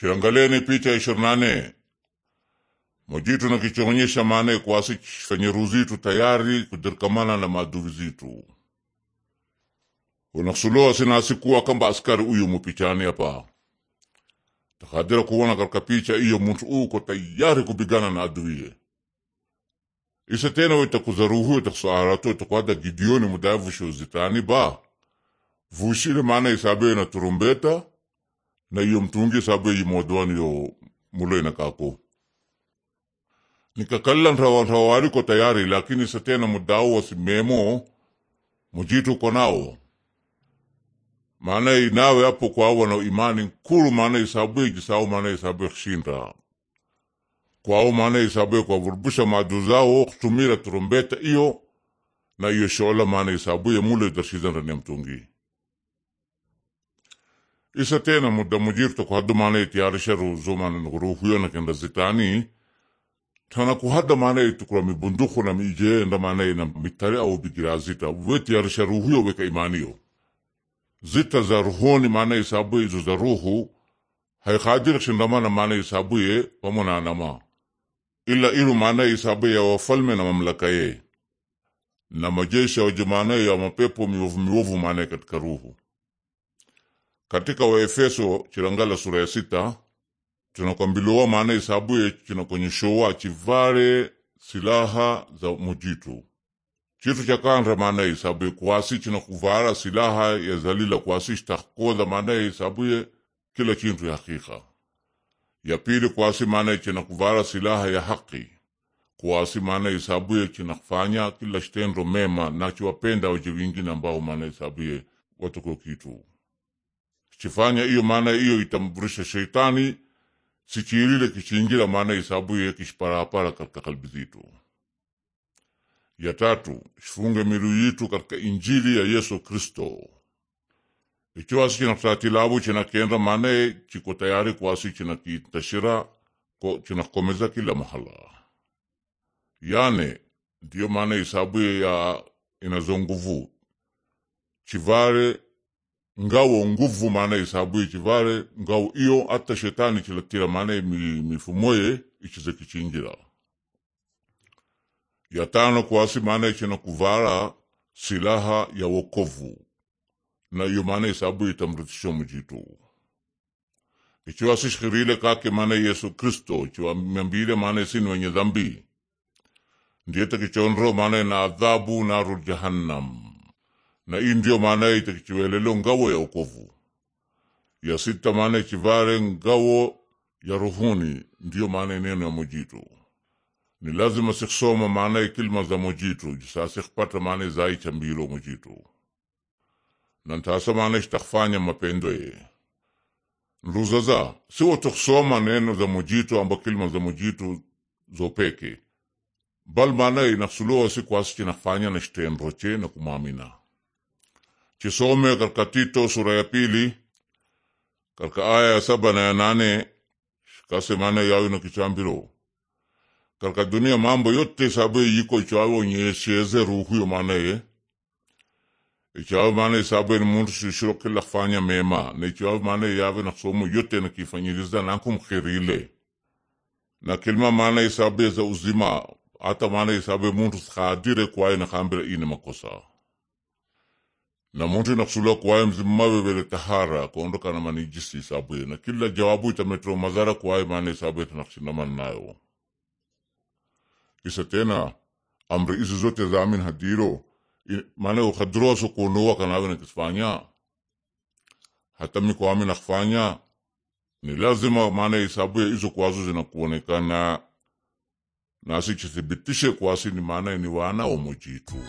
Chiangalieni picha ishirini na nane mojitu nakichionyesha maanaye kwasi chisanyero zitu tayari kudirkamana na maadui zitu wanakusuloa sinasikuwa kamba askari uyo mupichani hapa takadira kuona katika picha iyo muntu uko tayari kupigana na aduiye isa tena wetakuzaruhuyo takusaarato takwada gidioni mudaye vushuzitani ba vushile maana isabe na turumbeta na iyo mtungi sabu yimodwani yo mulena kako nikakalla ko tayari lakini satena wasi memo mujitu konao maana inawe hapo kwawo na imani nkulu maana isabu ijisau maana isabu kushinda kwawo maana isabu kwavurubusha maduzao kutumira turumbeta iyo na iyo shola maana isabu yamule darshizanrania mtungi Isa tena muda mujirto kuhadumana itiyaarisharu zomanan na kenda zitani tana mibunduku kuhadamana itukura mibundukhuna miijeenda na mitari au bigira zita we huyo weka imaniyo zita za ruhoni maana isabuye izo za ruhu haikhadirshindamana maana isabuye anama ila iru maana isabuye ya wafalme na mamlaka ye na majeshi ya wajimanayo ya mapepo miwovu miwovu maanaye katika ruhu katika waefeso chirangala sura ya sita tunakwambiliwa maana isabuye chinakonyeshowa chivare silaha za mujitu chitu chakanra maana isabuye kuwasi chinakuvara silaha ya zalila kuwasi shitakoza maana isabuye kila chintu ya hakika ya pili kuwasi maana chinakuvara silaha ya haki kuwasi maana isabuye chinakufanya kila shitendo mema nachiwapenda waje wingine ambao maana isabuye watuko kitu Chifanya hiyo maana hiyo itamvurisha sheitani sichilile kichinjila maana isabuye kishiparapara katika kalbi zitu. Ya tatu shifunge miru yitu katika injili ya Yesu Kristo ichiwasi china kenda maana chiko tayari china kitashira ko chinakomeza kila mahala yane ndiyo maana isabuye ya inazo nguvu chivare ngawo nguvu maana isabu ichivare ngawo iyo hata shetani chilatira maana mifumoye ichize kichinjira yatano kwasi maana ichina kuvara silaha ya wokovu na iyo maana isabu itamritisho mujitu ichiwa sishikirile kake maana yesu kristo ichiwa miambile maana isini wenye dhambi ndiyete kichonro maana na adhabu naru jahannam na hii ndio maana ite kichiwelelo ngawo ya ukovu ya sita maana ichivare ngawo ya ruhuni ndio maana neno ya mujitu ni lazima siksoma maana kilima za mujitu mojitu jisasikpata maana zaicha mbilo na ntasa maana itakfanya mapendo ye nruzaza siwo tuksoma neno za mujitu amba kilima za mojitu zopeke bal maana inasuluwa kwasi chinafanya na shitenroche na kumamina Chisome katika Tito sura ya pili katika aya ya saba na ya nane kasemana yayo na kichambiro katika dunia mambo yote sabu yiko ichawo nyesheze ruhu yo manaye ichawo mana sabu ni muntu shishiro kila kufanya mema na ichawo mana yave na somo yote na kifanyiliza nakumkirile na kilima mana sabu za uzima hata mana isabe muntu skadire kwaye nakambira ine makosa na muntu inakusulia kuwaye mzimu mawewele tahara kuondoka na manijisi isabuye na kila jawabu itametro madhara kuwaye maana isabuye tunakushindaman nayo kisa tena amri izi zote zamin hadiro maana ukadroso kuonoa kanawe nakifanya hata mikoami nakufanya ni lazima maana isabuye izo kwazo zinakuonekana nasi chithibitishe kwasi ni maana ni wana omojitu